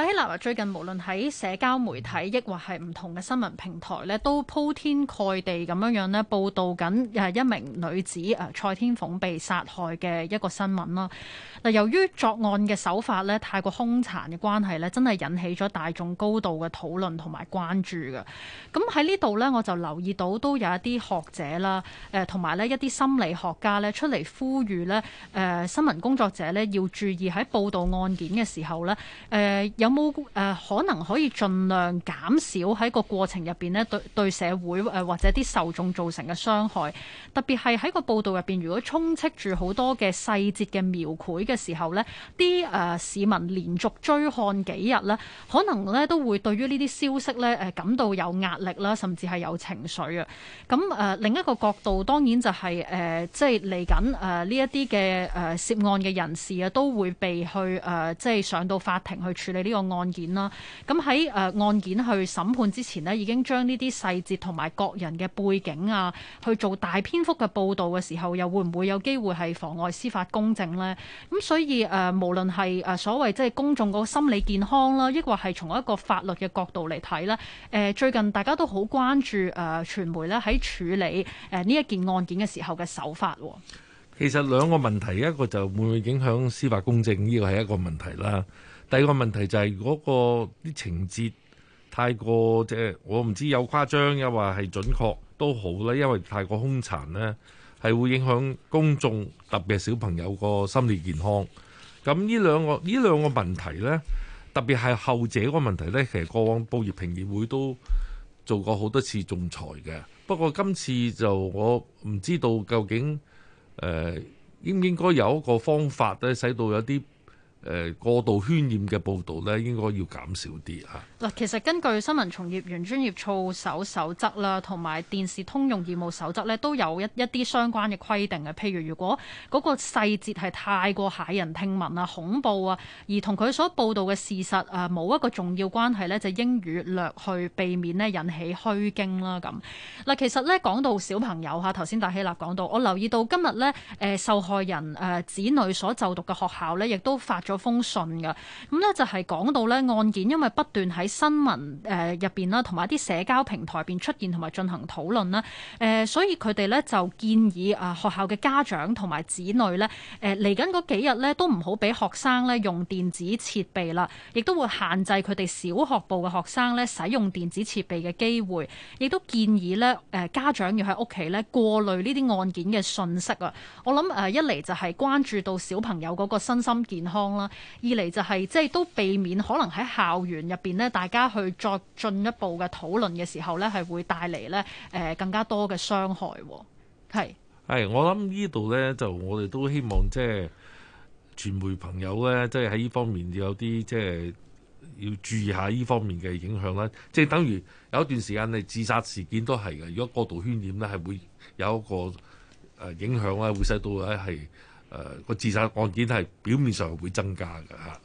但係，最近無論喺社交媒體，亦或係唔同嘅新聞平台咧，都鋪天蓋地咁樣樣咧報道緊誒一名女子誒蔡天鳳被殺害嘅一個新聞啦。嗱，由於作案嘅手法咧太過兇殘嘅關係咧，真係引起咗大眾高度嘅討論同埋關注嘅。咁喺呢度呢，我就留意到都有一啲學者啦，誒同埋呢一啲心理學家呢，出嚟呼籲呢誒、呃、新聞工作者呢，要注意喺報導案件嘅時候呢。誒、呃有冇誒、呃、可能可以盡量減少喺個過程入邊咧對對社會誒、呃、或者啲受眾造成嘅傷害，特別係喺個報道入邊如果充斥住好多嘅細節嘅描繪嘅時候咧，啲誒、呃、市民連續追看幾日咧，可能咧都會對於呢啲消息咧誒、呃、感到有壓力啦，甚至係有情緒啊。咁、呃、誒另一個角度，當然就係、是、誒、呃、即係嚟緊誒呢一啲嘅誒涉案嘅人士啊，都會被去誒、呃、即係上到法庭去處理呢、這個。案件啦，咁喺誒案件去審判之前呢，已經將呢啲細節同埋各人嘅背景啊，去做大篇幅嘅報道嘅時候，又會唔會有機會係妨礙司法公正呢？咁所以誒，無論係誒所謂即係公眾個心理健康啦，抑或係從一個法律嘅角度嚟睇咧，誒最近大家都好關注誒傳媒咧喺處理誒呢一件案件嘅時候嘅手法。其實兩個問題，一個就會唔會影響司法公正，呢個係一個問題啦。第二個問題就係如果個啲情節太過即、就是、我唔知有誇張又話係準確都好啦，因為太過兇殘呢係會影響公眾，特別係小朋友個心理健康。咁呢兩個呢兩個問題咧，特別係後者嗰個問題咧，其實過往報業評議會都做過好多次仲裁嘅。不過今次就我唔知道究竟誒、呃、應唔應該有一個方法咧，使到有啲。誒過度渲染嘅報導咧，應該要減少啲啊。嗱，其實根據新聞從業員專業操守守則啦，同埋電視通用業務守則咧，都有一一啲相關嘅規定嘅。譬如如果嗰個細節係太過駭人聽聞啊、恐怖啊，而同佢所報導嘅事實啊冇一個重要關係咧，就應予略去，避免咧引起虛驚啦。咁嗱，其實咧講到小朋友嚇，頭先戴希納講到，我留意到今日咧，誒、呃、受害人誒、呃、子女所就讀嘅學校咧，亦都發咗封信㗎。咁、嗯、咧就係、是、講到咧案件，因為不斷喺新聞誒入邊啦，同埋一啲社交平台入邊出現同埋進行討論啦。誒、呃，所以佢哋咧就建議啊，學校嘅家長同埋子女咧，誒嚟緊嗰幾日咧都唔好俾學生咧用電子設備啦，亦都會限制佢哋小學部嘅學生咧使用電子設備嘅機會，亦都建議咧誒、啊、家長要喺屋企咧過濾呢啲案件嘅信息啊。我諗誒一嚟就係關注到小朋友嗰個身心健康啦，二嚟就係、是、即係都避免可能喺校園入邊咧，大家去作進一步嘅討論嘅時候呢，係會帶嚟呢誒更加多嘅傷害。係係，我諗呢度呢，就我哋都希望即係、就是、傳媒朋友呢，即係喺呢方面有啲即係要注意下呢方面嘅影響啦。即、就、係、是、等於有一段時間，你自殺事件都係嘅。如果過度渲染呢，係會有一個誒影響啦，會使到咧係誒個自殺案件係表面上會增加㗎吓。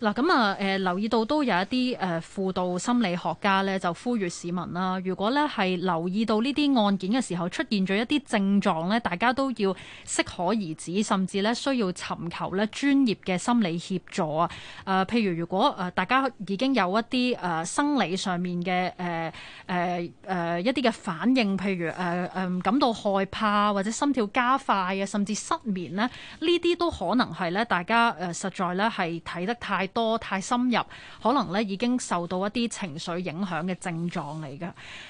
嗱咁啊，誒留意到都有一啲誒輔導心理學家咧，就呼籲市民啦。如果咧係留意到呢啲案件嘅時候出現咗一啲症狀咧，大家都要適可而止，甚至咧需要尋求咧專業嘅心理協助啊。誒，譬如如果誒大家已經有一啲誒生理上面嘅誒誒誒一啲嘅反應，譬如誒誒感到害怕或者心跳加快啊，甚至失眠咧，呢啲都可能係咧大家誒實在咧係睇得太多太深入，可能咧已經受到一啲情緒影響嘅症狀嚟噶。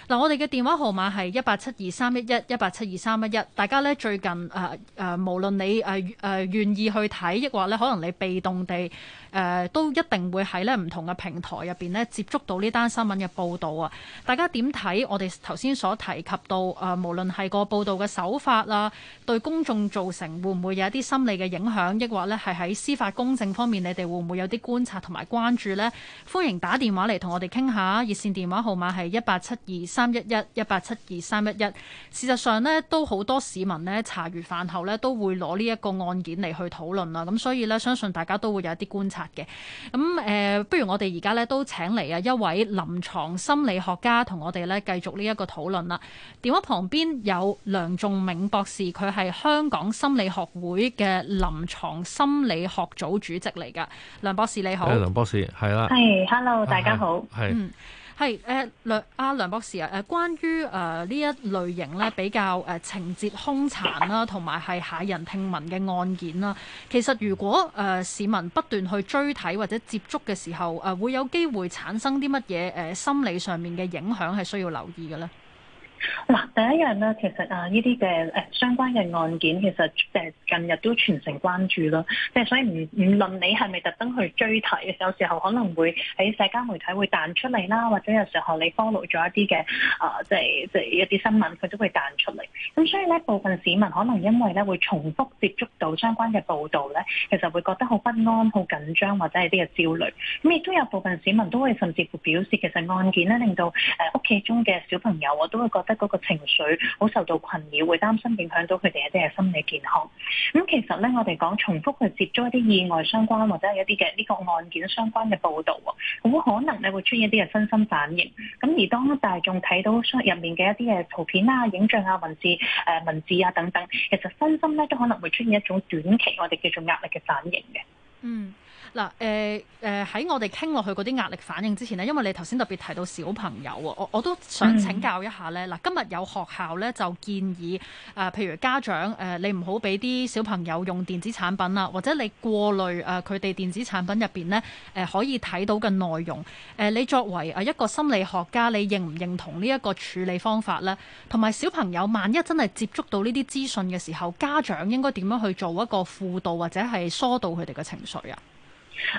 嗱，我哋嘅電話號碼係一八七二三一一一八七二三一一。大家咧最近誒誒、呃呃、無論你誒誒、呃呃、願意去睇，亦或咧可能你被動地誒、呃、都一定會喺咧唔同嘅平台入邊咧接觸到呢單新聞嘅報道啊。大家點睇？我哋頭先所提及到誒、呃、無論係個報道嘅手法啦，對公眾造成會唔會有一啲心理嘅影響，亦或咧係喺司法公正方面，你哋會唔會有啲？觀察同埋關注呢，歡迎打電話嚟同我哋傾下，熱線電話號碼係一八七二三一一一八七二三一一。事實上呢，都好多市民咧，茶餘飯後咧，都會攞呢一個案件嚟去討論啦。咁所以呢，相信大家都會有一啲觀察嘅。咁誒、呃，不如我哋而家呢，都請嚟啊一位臨床心理學家同我哋呢，繼續呢一個討論啦。電話旁邊有梁重皿博士，佢係香港心理學會嘅臨床心理學組主席嚟噶，梁博士。你好，梁博士係啦。係，Hello，大家好。係，嗯，係，誒，梁阿梁博士啊，誒，關於誒呢一類型咧，比較誒、呃、情節兇殘啦，同埋係駭人聽聞嘅案件啦。其實如果誒、呃、市民不斷去追睇或者接觸嘅時候，誒、呃、會有機會產生啲乜嘢誒心理上面嘅影響，係需要留意嘅咧。嗱，第一樣咧，其實啊，呢啲嘅誒相關嘅案件，其實誒近日都全城關注咯。即係所以唔唔論你係咪特登去追睇，有時候可能會喺社交媒體會彈出嚟啦，或者有時候你 follow 咗一啲嘅啊，即係即係一啲新聞，佢都會彈出嚟。咁所以咧，部分市民可能因為咧會重複接觸到相關嘅報導咧，其實會覺得好不安、好緊張，或者係啲嘅焦慮。咁亦都有部分市民都會甚至乎表示，其實案件咧令到誒屋企中嘅小朋友我都會覺得，嗰個情緒好受到困擾，會擔心影響到佢哋一啲嘅心理健康。咁其實咧，我哋講重複去接觸一啲意外相關或者係一啲嘅呢個案件相關嘅報道，咁可能咧會出現一啲嘅身心反應。咁而當大眾睇到入面嘅一啲嘅圖片啊、影像啊、文字誒、文字啊等等，其實身心咧都可能會出現一種短期我哋叫做壓力嘅反應嘅。嗯。嗱，誒誒喺我哋傾落去嗰啲壓力反應之前咧，因為你頭先特別提到小朋友啊，我我都想請教一下咧。嗱，今日有學校咧就建議誒、呃，譬如家長誒、呃，你唔好俾啲小朋友用電子產品啦，或者你過濾誒佢哋電子產品入邊咧誒可以睇到嘅內容。誒、呃，你作為啊一個心理學家，你認唔認同呢一個處理方法咧？同埋小朋友萬一真係接觸到呢啲資訊嘅時候，家長應該點樣去做一個輔導或者係疏導佢哋嘅情緒啊？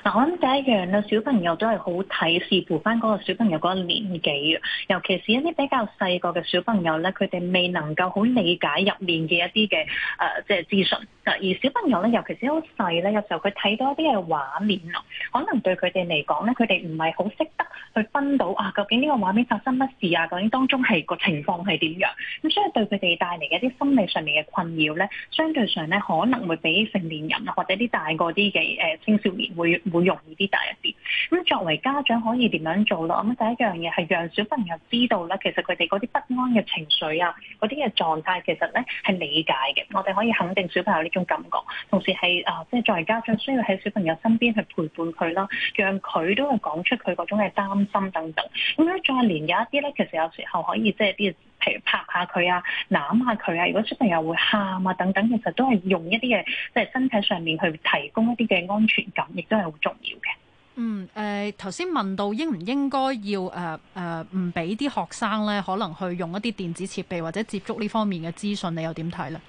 嗱，我諗第一樣咧，小朋友都係好睇，視乎翻嗰個小朋友嗰個年紀。尤其是一啲比較細個嘅小朋友咧，佢哋未能夠好理解入面嘅一啲嘅誒，即係資訊。而小朋友咧，尤其係好細咧，有時候佢睇到一啲嘅畫面啊，可能對佢哋嚟講咧，佢哋唔係好識得去分到啊，究竟呢個畫面發生乜事啊？究竟當中係個情況係點樣？咁所以對佢哋帶嚟嘅一啲心理上面嘅困擾咧，相對上咧可能會比成年人啊，或者啲大個啲嘅誒青少年會。會容易啲大一啲，咁作為家長可以點樣做咧？咁第一樣嘢係讓小朋友知道咧，其實佢哋嗰啲不安嘅情緒啊，嗰啲嘅狀態，其實咧係理解嘅。我哋可以肯定小朋友呢種感覺，同時係啊，即、呃、係作為家長需要喺小朋友身邊去陪伴佢啦，讓佢都係講出佢嗰種嘅擔心等等。咁樣再連有一啲咧，其實有時候可以即係啲。譬如拍下佢啊，攬下佢啊，如果小朋友會喊啊等等，其實都係用一啲嘅即係身體上面去提供一啲嘅安全感，亦都係好重要嘅。嗯，誒頭先問到應唔應該要誒誒唔俾啲學生咧，可能去用一啲電子設備或者接觸呢方面嘅資訊，你又點睇咧？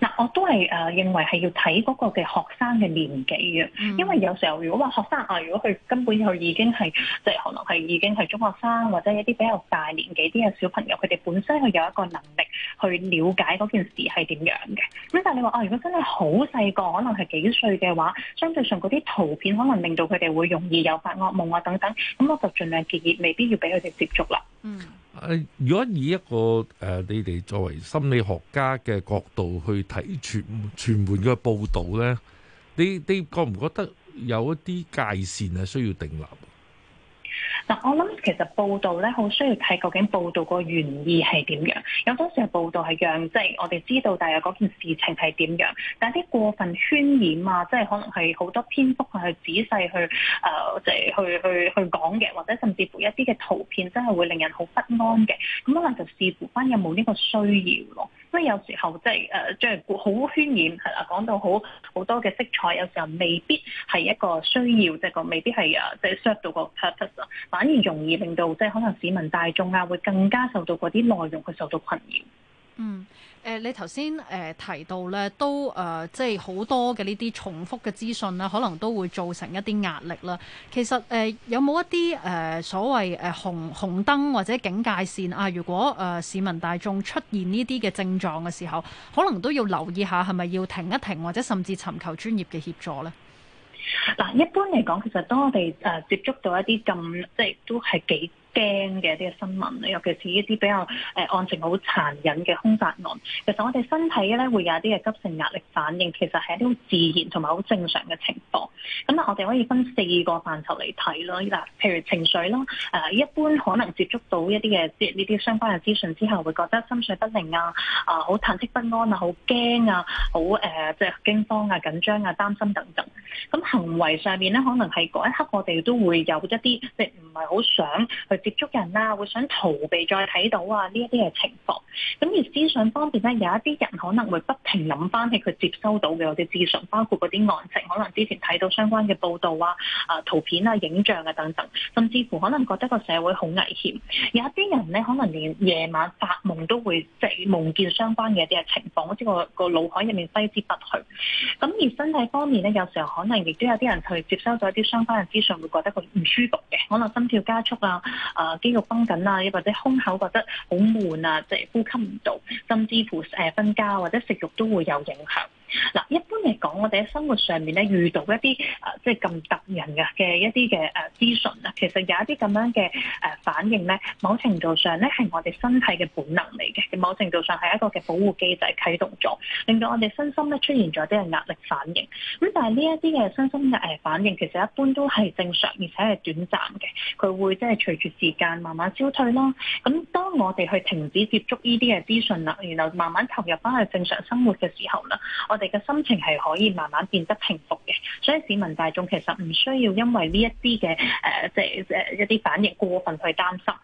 嗱，我都係誒認為係要睇嗰個嘅學生嘅年紀啊，嗯、因為有時候如果話學生啊，如果佢根本佢已經係即係可能係已經係中學生或者一啲比較大年紀啲嘅小朋友，佢哋本身佢有一個能力去了解嗰件事係點樣嘅。咁但係你話啊，如果真係好細個，可能係幾歲嘅話，相對上嗰啲圖片可能令到佢哋會容易有發噩夢啊等等，咁我就盡量建議，未必要俾佢哋接觸啦。嗯。誒，如果以一個誒、呃，你哋作為心理學家嘅角度去睇傳傳媒嘅報導呢，你你覺唔覺得有一啲界線係需要定立？嗱，我諗其實報道咧，好需要睇究竟報道個原意係點樣。有好多時候報道係讓即係我哋知道，大約嗰件事情係點樣。但係啲過分渲染啊，即係可能係好多篇幅去仔細去誒即係去去去講嘅，或者甚至乎一啲嘅圖片真係會令人好不安嘅。咁可能就視乎翻有冇呢個需要咯。咁有時候即係誒，即係好渲染係啦，講到好好多嘅色彩，有時候未必係一個需要，即係個未必係啊，即係達到個 purpose 咯，反而容易令到即係可能市民大眾啊，會更加受到嗰啲內容佢受到困擾。嗯。誒，你頭先誒提到咧，都誒、呃，即係好多嘅呢啲重複嘅資訊啦，可能都會造成一啲壓力啦。其實誒、呃，有冇一啲誒、呃、所謂誒紅紅燈或者警戒線啊？如果誒、呃、市民大眾出現呢啲嘅症狀嘅時候，可能都要留意下係咪要停一停，或者甚至尋求專業嘅協助咧？嗱，一般嚟講，其實當我哋誒接觸到一啲咁，即係都係幾驚嘅一啲嘅新聞咧，尤其是一啲比較誒、呃、案情好殘忍嘅兇殺案。其實我哋身體咧會有一啲嘅急性壓力反應，其實係一啲好自然同埋好正常嘅情況。咁啊，我哋可以分四個範疇嚟睇咯。嗱，譬如情緒啦，誒、呃、一般可能接觸到一啲嘅即係呢啲相關嘅資訊之後，會覺得心緒不寧啊，啊好忐忑不安啊，好驚啊，好誒即係驚慌啊、緊張啊、擔心等等。咁行為上面咧，可能係嗰一刻我哋都會有一啲即唔係好想去。接觸人啊，會想逃避再睇到啊呢一啲嘅情況。咁而思想方面咧，有一啲人可能會不停諗翻起佢接收到嘅嗰啲資訊，包括嗰啲案情，可能之前睇到相關嘅報道啊、啊圖片啊、影像啊等等，甚至乎可能覺得個社會好危險。有一啲人咧，可能連夜晚發夢都會即係夢見相關嘅一啲嘅情況，好似個個腦海入面揮之不去。咁而身體方面咧，有時候可能亦都有啲人去接收咗一啲相關嘅資訊，會覺得佢唔舒服嘅，可能心跳加速啊。啊，uh, 肌肉繃緊啊，或者胸口覺得好悶啊，即係呼吸唔到，甚至乎誒瞓覺或者食慾都會有影響。嗱，一般嚟講，我哋喺生活上面咧遇到一啲誒、呃、即係咁突然嘅嘅一啲嘅誒資訊啦，其實有一啲咁樣嘅誒、呃、反應咧，某程度上咧係我哋身體嘅本能嚟嘅，某程度上係一個嘅保護機制啟動咗，令到我哋身心咧出現咗啲嘅壓力反應。咁但係呢一啲嘅身心嘅誒反應，其實一般都係正常，而且係短暫嘅，佢會即係隨住時間慢慢消退啦。咁當我哋去停止接觸呢啲嘅資訊啦，然後慢慢投入翻去正常生活嘅時候啦，我哋嘅心情係可以慢慢變得平復嘅，所以市民大眾其實唔需要因為呢一啲嘅誒，即係誒一啲反應過分去擔心。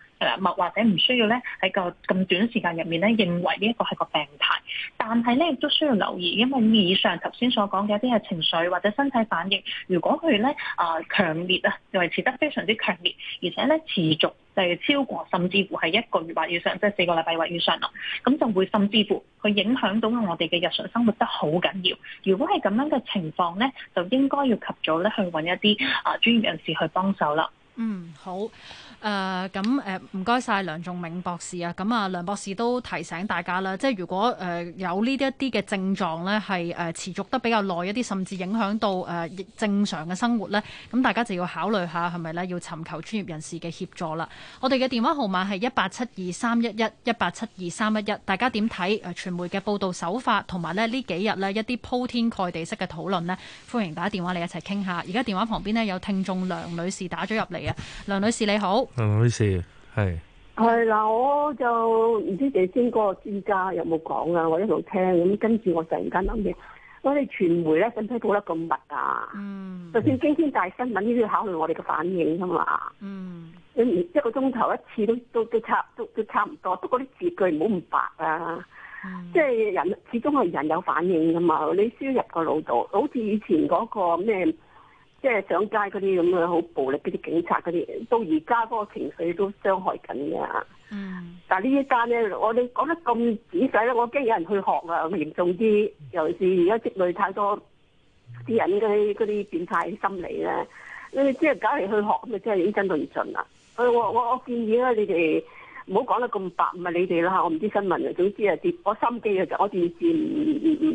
或者唔需要咧喺個咁短時間入面咧，認為呢一個係個病態，但係咧亦都需要留意，因為以上頭先所講嘅一啲嘅情緒或者身體反應，如果佢咧啊強烈啊維持得非常之強烈，而且咧持續就係超過甚至乎係一個月或以上，即係四個禮拜或以上啦，咁就會甚至乎佢影響到我哋嘅日常生活得好緊要。如果係咁樣嘅情況咧，就應該要及早咧去搵一啲啊、呃、專業人士去幫手啦。嗯，好。誒、呃，咁、嗯、誒，唔該晒梁重皿博士啊。咁啊，梁博士都提醒大家啦，即係如果誒、呃、有呢一啲嘅症狀咧，係誒、呃、持續得比較耐一啲，甚至影響到誒、呃、正常嘅生活呢。咁、嗯、大家就要考慮下係咪呢？要尋求專業人士嘅協助啦。我哋嘅電話號碼係一八七二三一一一八七二三一一，大家點睇誒傳媒嘅報道手法，同埋咧呢幾日呢一啲鋪天蓋地式嘅討論呢？歡迎打電話嚟一齊傾下。而家電話旁邊呢，有聽眾梁女士打咗入嚟。梁女士你好，梁女士係係，嗱，我就唔知幾先嗰個專家有冇講啊，我一路聽咁，跟住我突然間諗起，我哋傳媒咧使唔使報得咁密啊？嗯，就算驚天大新聞都要考慮我哋嘅反應噶嘛。嗯，你一個鐘頭一次都都都都差都都差唔多，不過啲字句唔好唔白啊。嗯、即係人始終係人有反應噶嘛，你輸入個腦度，好似以前嗰個咩？即係上街嗰啲咁嘅好暴力嗰啲警察嗰啲，到而家嗰個情緒都傷害緊嘅。嗯，但係呢一單咧，我哋講得咁仔細咧，我驚有人去學啊，嚴重啲，尤其是而家積累太多啲人嘅啲變態心理咧，你即係搞嚟去學咁，咪真係已經跟到唔盡啦。所以我我我建議咧，你哋唔好講得咁白，唔係你哋啦，我唔知新聞嘅，總之啊跌我心機嘅，我電視唔唔唔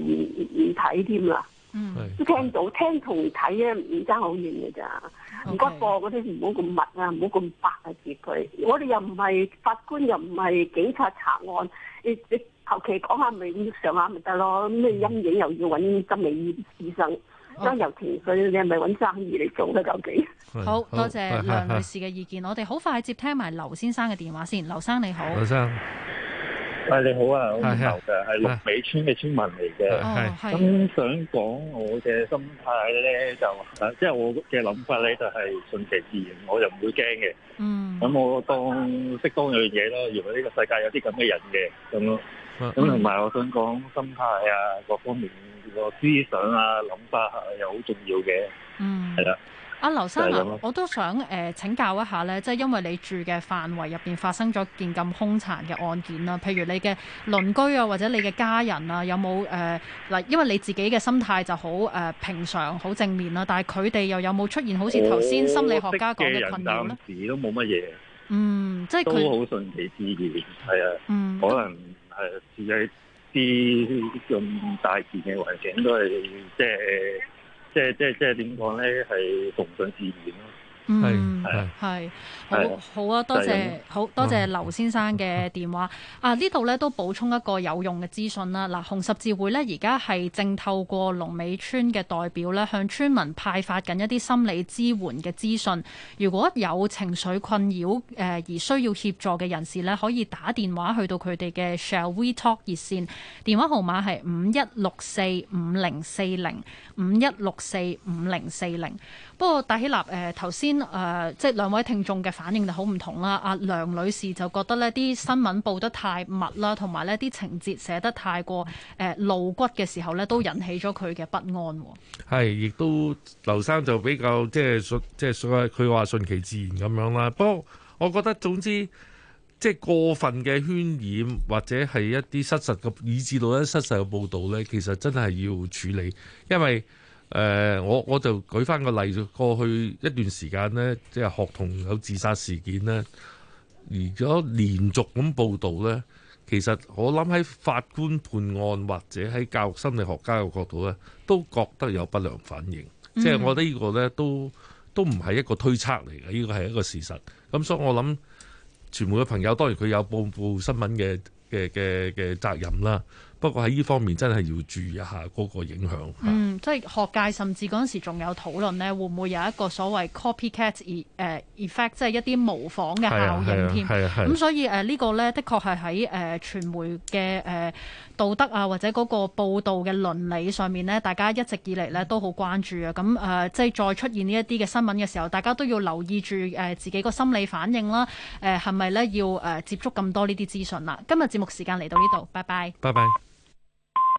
唔唔睇添啦。都、嗯、聽到是聽同睇啊，唔爭好遠嘅咋？唔該播嗰啲唔好咁密啊，唔好咁白啊接佢。我哋又唔係法官，又唔係警察查案，你你後期講下咪咁上下咪得咯。咩陰影又要揾心理醫醫生，真係尤其佢你係咪揾生意嚟做啊？究竟 好多謝梁女士嘅意見，我哋好快接聽埋劉先生嘅電話先。劉生你好。係、啊、你好啊，我姓劉嘅，係龍尾村嘅村民嚟嘅。係咁、啊、想講我嘅心態咧，就即係我嘅諗法咧，就係順其自然，我又唔會驚嘅。嗯，咁我當適當樣嘢咯。如果呢個世界有啲咁嘅人嘅，咁咯，咁同埋我想講心態啊，各方面個思想啊，諗法又好重要嘅。嗯，係啦。阿劉生啊，生我都想誒、呃、請教一下咧，即係因為你住嘅範圍入邊發生咗件咁兇殘嘅案件啦，譬如你嘅鄰居啊，或者你嘅家人啊，有冇誒嗱？因為你自己嘅心態就好誒、呃、平常、好正面啦，但係佢哋又有冇出現好似頭先心理學家講嘅困難咧？時都冇乜嘢。嗯，即係都好順其自然，係啊，嗯、可能係自己啲咁大件嘅環境都係即係。嗯即係即係，即係點講咧？係崇尚自然咯，係。係，係，好好啊！多謝，好多謝劉先生嘅電話。啊，呢度咧都補充一個有用嘅資訊啦。嗱，紅十字會咧而家係正透過龍尾村嘅代表咧，向村民派發緊一啲心理支援嘅資訊。如果有情緒困擾誒而需要協助嘅人士咧，可以打電話去到佢哋嘅 Shall We Talk 熱線，電話號碼係五一六四五零四零五一六四五零四零。不過戴希立誒，頭先誒。即係兩位聽眾嘅反應就好唔同啦。阿梁女士就覺得呢啲新聞報得太密啦，同埋呢啲情節寫得太過誒、呃、露骨嘅時候呢，都引起咗佢嘅不安，哦。係，亦都劉生就比較即係順即係佢話順其自然咁樣啦。不過我覺得總之即係過分嘅渲染或者係一啲失實嘅，以致到一失實嘅報導呢，其實真係要處理，因為。誒、呃，我我就舉翻個例子，過去一段時間咧，即係學童有自殺事件咧，如果連續咁報道咧，其實我諗喺法官判案或者喺教育心理學家嘅角度呢，都覺得有不良反應。嗯、即係我覺得呢個呢都都唔係一個推測嚟嘅，呢個係一個事實。咁所以我諗傳媒嘅朋友，當然佢有報報新聞嘅嘅嘅嘅責任啦。不過喺呢方面真係要注意一下嗰個影響。嗯，即係學界甚至嗰陣時仲有討論呢，會唔會有一個所謂 copycat、e、effect，即係一啲模仿嘅效應添。咁、啊啊啊、所以誒呢個呢，的確係喺誒傳媒嘅誒、呃、道德啊，或者嗰個報導嘅倫理上面呢，大家一直以嚟呢都好關注啊。咁、呃、誒即係再出現呢一啲嘅新聞嘅時候，大家都要留意住誒自己個心理反應啦。誒係咪呢？要誒接觸咁多呢啲資訊啦、啊？今日節目時間嚟到呢度，拜拜。拜拜。